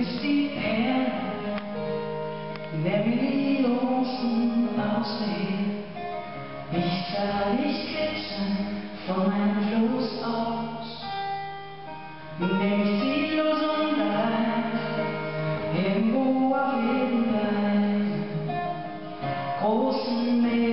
ist die Erde, nämlich Ocean aussehen. Ich sah dich kitzeln von meinem Floß aus, nämlich die Losung im Oberwindein, großen Meer.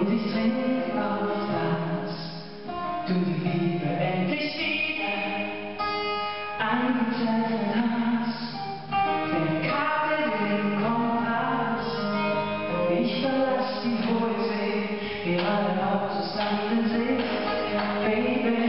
und ich trinke auf das, du die Liebe endlich wieder eingetreten hast. Der Kabel den Kompass, ich verlasse die Poesie, wir alle auf das Land Baby.